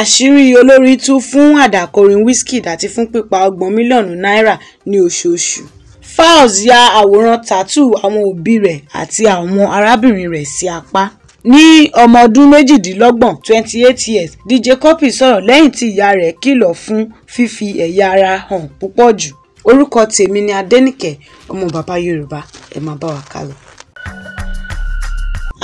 àṣírí olórí tú fún àdàkọrin wizkid àti fún pípa ọgbọ̀n mílíọ̀nù náírà ní oṣooṣù falz ya àwòrán tattoo àwọn òbí rẹ̀ àti àwọn arábìnrin rẹ̀ sí apá ní ọmọ ọdún méjìdínlọ́gbọ̀n twenty eight years dj cuppy sọ̀rọ̀ lẹ́yìn tí ìyá rẹ̀ kìlọ̀ fún fífi ẹ̀yà ara hàn púpọ̀ jù orúkọ tèmi ni adẹ́nìkẹ́ ọmọ bàbá yorùbá ẹ máa bá wa kálọ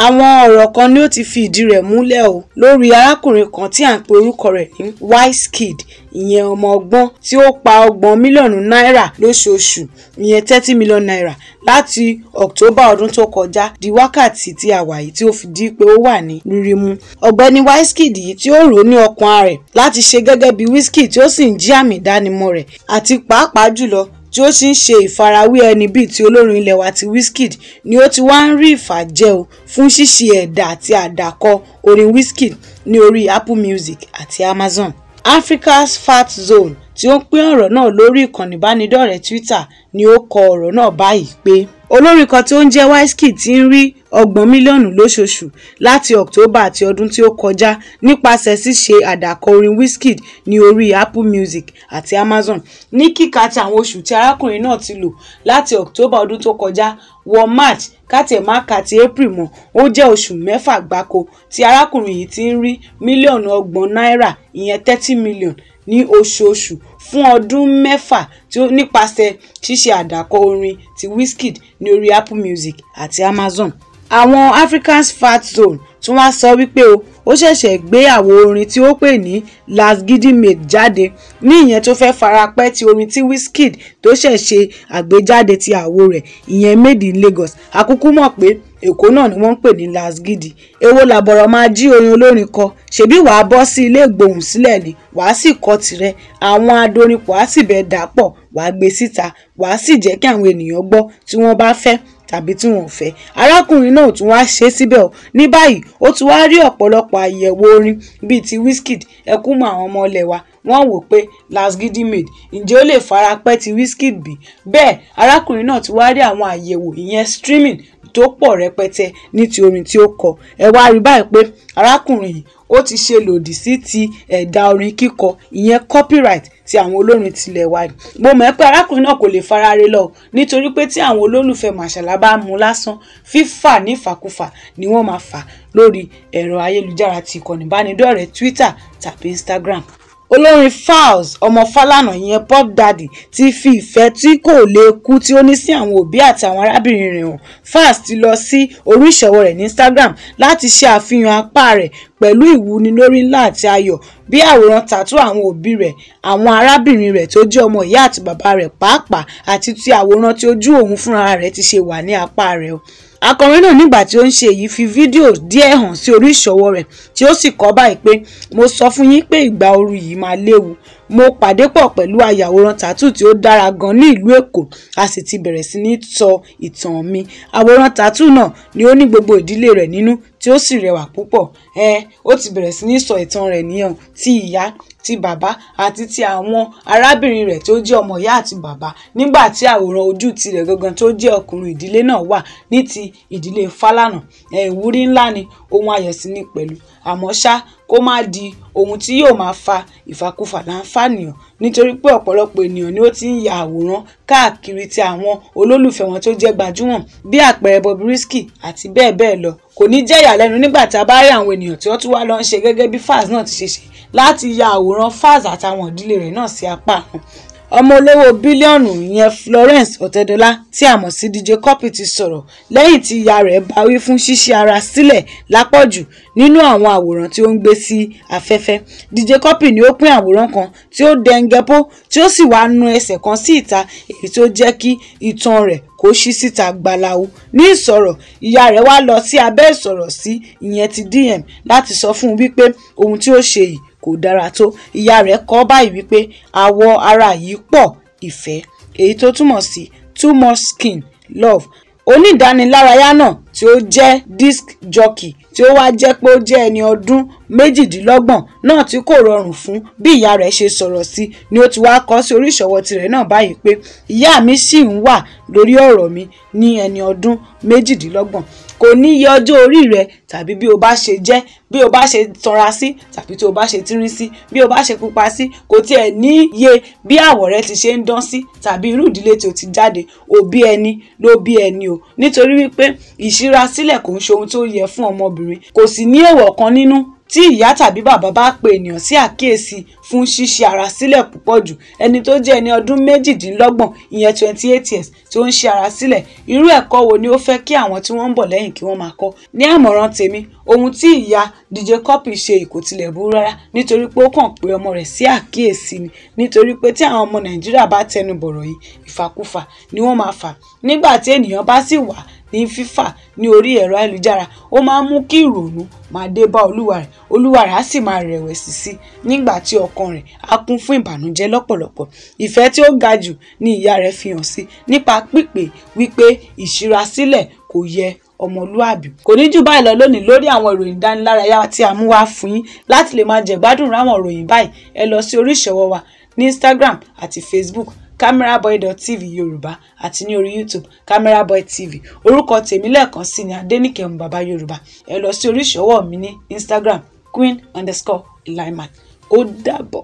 àwọn ọ̀rọ̀ kan ni ó ti fi ìdí rẹ̀ múlẹ̀ o lórí arákùnrin kan tí à ń pe orúkọ rẹ̀ ní Wizkid ìyẹn ọmọ ọgbọ́n tí ó pa ọgbọ̀n mílíọ̀nù náírà lóṣooṣù ìyẹn thirty million naira láti October ọdún tó kọjá di wákàtí tí a wà yìí tí ó fi di pé ó wà ní rírímú ọ̀gbẹ́ni Wizkid yìí tí ó rò ní ọkàn rẹ̀ láti ṣe gẹ́gẹ́ bí Wizkid tí ó sì ń jí àmì ìdánimọ̀ rẹ̀ àti pàápàá jùlọ tí ó sì ń ṣe ìfarawé ẹni bíi ti olórin ilẹ̀ wa ti Wizkid ni ó ti wá ń rí ìfàjẹ́ o fún ṣíṣe ẹ̀dà àti àdàkọ orin Wizkid ní orí Apple Music àti Amazon. Africa's Fat Zone tí ó ń pín ọ̀rọ̀ náà lórí ìkànnì ìbánidọ́rẹ̀ẹ́ Twitter ni ó kọ ọ̀rọ̀ náà báyìí pé olórin kan tí ó ń jẹ́ Wizkid ti ń rí ọgbọ̀n mílíọ̀nù lóṣooṣù láti October àti ọdún tí ó kọjá nípasẹ̀ ṣíṣe àdàkọ orin Wizkid ní orí Apple Music àti Amazon ní kíka ti àwọn oṣù tí arákùnrin náà ti lò láti October ọdún tó kọjá wọ March káti ẹ̀ má ka ti April mọ́ ó jẹ́ oṣù mẹ́fà gbáko tí arákùnrin yìí ti ń rí mílíọ̀nù ọgbọ̀n náírà ìyẹn thirty million ní oṣooṣù fún ọdún mẹ́fà tí ó nípasẹ̀ ṣíṣe àdàkọ orin ti Wizkid ní orí Apple Music àti Amazon. Àwọn Africans Fat Zone tún wá sọ wípé o ó ṣẹ̀ṣẹ̀ gbé àwo orin tí ó pè ní Lasgidi Made jáde ní ìyẹn tó fẹ́ farapẹ́ ti orin tí Wizkid tó ṣẹ̀ ṣe àgbéjáde ti àwo rẹ̀ ìyẹn Made in Lagos àkúkú mọ̀ pé Èkó náà ni wọ́n ń pè ní Lasgidi èwo làbọ̀rọ̀ máa jí orin olórin kọ ṣebí wàá bọ́ sí ilé ìgbohùn sílẹ̀ ni wàá sì kọ tirẹ̀ àwọn adorinpọ̀ á sì bẹ́ẹ̀ dà pọ̀ wàá gbé síta wàá sì jẹ́ kí àwọn ènìyàn gbọ́ tí wọ́n bá fẹ́ tàbí tí wọn ò fẹ́ arákùnrin náà tún wá ṣe síbẹ̀ o ní báyìí ó ti wá rí ọ̀pọ̀lọpọ̀ àyẹ̀wò orin bíi ti Wizkid ẹkún mọ́ àwọn ọmọ ilẹ̀ wa wọ́n wò pé lasgidi made ǹjẹ́ ó lè fara pẹ́ ti Wizkid bí bẹ́ẹ̀ arákùnrin náà ti wá rí àwọn àyẹ̀wò ìyẹn streaming tó pọ̀ rẹpẹtẹ ní ti orin tí ó kọ ẹ wá rí báyìí pé arákùnrin yìí ó ti ṣe lòdì sí ti ẹ̀dà orin kíkọ ìyẹn copyright ti àwọn olórin tilẹ̀ wa ni. mo mọ̀ pé arákùnrin náà kò lè fara re lọ nítorí pé tí àwọn olólùfẹ́ màṣàlá bá mú lásán fífà nífàkúfà ni wọ́n máa fà lórí ẹ̀rọ ayélujára ti ìkànnì ìbánidọ́rẹ̀ẹ́ Twitter tàbí Instagram olórin falz ọmọ Fálànà ìyẹn pop Daddy ti fi ìfẹ́ tí kò lè kú tí ó ní sí àwọn òbí àti àwọn arábìnrin rẹ̀ hàn falz ti lọ sí orí ìṣòwò rẹ̀ ní Instagram láti ṣe àfihàn apá rẹ̀ pẹ̀lú ìwúnilórí ńlá àti ayọ̀ bí àwòrán tàtú àwọn òbí rẹ̀ àwọn arábìnrin rẹ̀ tó jẹ́ ọmọ ìyá àti bàbá rẹ̀ pàápàá àti ti àwòrán tí ojú òun fúnra rẹ̀ ti ṣe wà ní apá rẹ̀ o akọrin náà nígbà tí ó ń ṣe èyí fi fídíò díẹ̀ hàn sí orí ìṣọwọ́ rẹ̀ tí ó sì kọ báyìí pé mo sọ fún yín pé ìgbà ooru yìí máa léwu mo pàdé pọ̀ pẹ̀lú ayàwòrán tàtú tí ó dára gan ní ìlú èkó a sì ti bẹ̀rẹ̀ sí ní sọ ìtàn mi àwòrán tàtú náà ni ó ní gbogbo ìdílé rẹ̀ nínú tí ó sì rẹwà púpọ̀ ẹ ó ti bẹ̀rẹ̀ sí ní sọ ìtàn rẹ̀ nìyẹn ti ìyá ti bàbá àti ti àwọn arábìnrin rẹ̀ tí ó jẹ́ ọmọ ìyá àti bàbá nígbà tí àwòrán ojú tirẹ̀ gangan tó jẹ́ ọkùnrin ìdílé náà wà ní ti ìdílé Fálànà ìwúrí ńlá ni ohun ayẹ̀sí ni pẹ̀lú àmọ́ ṣá kó má di ohun tí yóò máa fa ìfakúfà láǹfààníyàn nítorí pé ọ̀pọ̀lọpọ̀ ènìyàn ni ó ti ń ya àwòrán káàkiri ti àwọn olólùfẹ́ wọn tó jẹ́ gbajúmọ̀ bí àpẹẹrẹ Bobrisky àti bẹ́ẹ̀ bẹ́ẹ̀ lọ kò ní jẹ́ ìyàlẹ́nu nígbà tí a bá rí àwọn ènìyàn tí wọ́n tún wá lọ ń ṣe gẹ́gẹ́ bí fars náà ti ṣe ṣe láti ya àwòrán fars àtàwọn ìdílé rẹ̀ náà sí apá ọmọ olówó bílíọ̀nù ìyẹn Florence Ọ̀tẹ́dọ́lá tí a mọ̀ sí DJ Cuppy ti sọ̀rọ̀ lẹ́yìn tí ìyá rẹ̀ bawí fún ṣíṣí ara sílẹ̀ lápọ̀jù nínú àwọn àwòrán tí ó ń gbé sí afẹ́fẹ́ DJ Cuppy ni ó pín àwòrán kan tí ó dẹngẹpó tí ó sì wá nu ẹsẹ̀ kan sí ìta èyí tó jẹ́ kí ìtàn rẹ̀ kó ṣí síta gbalawo ní ìsọ̀rọ̀ ìyá rẹ̀ wá lọ sí abẹ́ ìsọ̀rọ̀ sí ìyẹn ti DM láti sọ fún un wípé ohun tí ó ṣe yìí kò dára tó ìyá rẹ̀ kọ báyìí wípé àwọ̀ ara yìí pọ̀ ìfẹ́ èyí tó túmọ̀ sí too much skin love onídàánilárayá náà tí ó jẹ́ disc jockey tí ó wá jẹ́ pé ó jẹ́ ẹni ọdún méjìdínlọ́gbọ̀n náà tí kò rọrùn fún bí ìyá rẹ̀ ṣe sọ̀rọ̀ sí ni ó ti wá kọ sí orí ìṣọwọ́ tirẹ̀ náà báyìí pé ìyá mi ṣì ń wà lórí ọ̀rọ̀ mi ní ẹni ọdún méjìdínlọ́gbọ̀n kò ní iye ọjọ́ orí rẹ tàbí bí o bá ṣe jẹ́ bí o bá ṣe tanra sí tàbí tí o bá ṣe tírín sí bí o bá ṣe pupa sí kò tiẹ̀ ní iye bí àwọ̀ rẹ ti ṣe ń dán sí tàbí irú ìdílé tí o ti jáde òbí ẹni ló bí ẹni o nítorí wípé ìṣírasílẹ̀ kò ń ṣe ohun tó yẹ fún ọmọbìnrin kò sì ní èèwọ̀ kan nínú tí ìyá tàbí bàbá bá pe ènìyàn sí àkíyèsí fún ṣíṣe ara sílẹ̀ púpọ̀ jù ẹni tó jẹ́ ẹni ọdún méjìdínlọ́gbọ̀n ìyẹn twenty eight years tí ó ń ṣe ara sílẹ̀ irú ẹ̀kọ́ wo ni ó fẹ́ kí àwọn tí wọ́n ń bọ̀ lẹ́yìn kí wọ́n máa kọ́ ní àmọ̀ràn tèmi ohun tí ìyá DJ Cuppy ṣe kò tilẹ̀ burú rárá nítorí pé ó kàn pé ọmọ rẹ̀ sí àkíyèsí ni nítorí pé tí àwọn ọmọ Nàìjíríà bá tẹnu bọ̀rọ̀ yìí ìfàkúfà ni wọ́n máa fà nígbà tí ènìyàn bá sì wà ní fífà ní orí ẹ̀rọ ayélujára ó máa ń mú kí ìrònú máa dé bá olúwa rẹ̀ olúwa rẹ̀ á sì máa rẹ̀wẹ̀sì sí nígbà tí ọkàn rẹ̀ á kún fún ìbànújẹ́ lọ́pọ̀lọpọ̀ ìfẹ́ tí ó ga jù ni ìyá rẹ̀ fi hàn sí nípa pípé wípé ìṣírasílẹ̀ kò yẹ ọmọlúàbí kò ní jù báyìí lọ lónìí lórí àwọn ìròyìn ìdánilárayá tí a mú wá fún yín láti lè máa jẹ̀gbádùn ráwọn ìròyìn báyìí ẹ lọ sí orí wa ní Instagram àti Facebook camera boy dot tv yorùbá àti ní orí youtube camera boy tv orúkọ tèmi lẹ́ẹ̀kan sí ni adẹ́nìkẹ́ bàbá yorùbá ẹ lọ sí oríṣi ọwọ́ mi ní instagram queen underscore lyman ó dàbọ̀.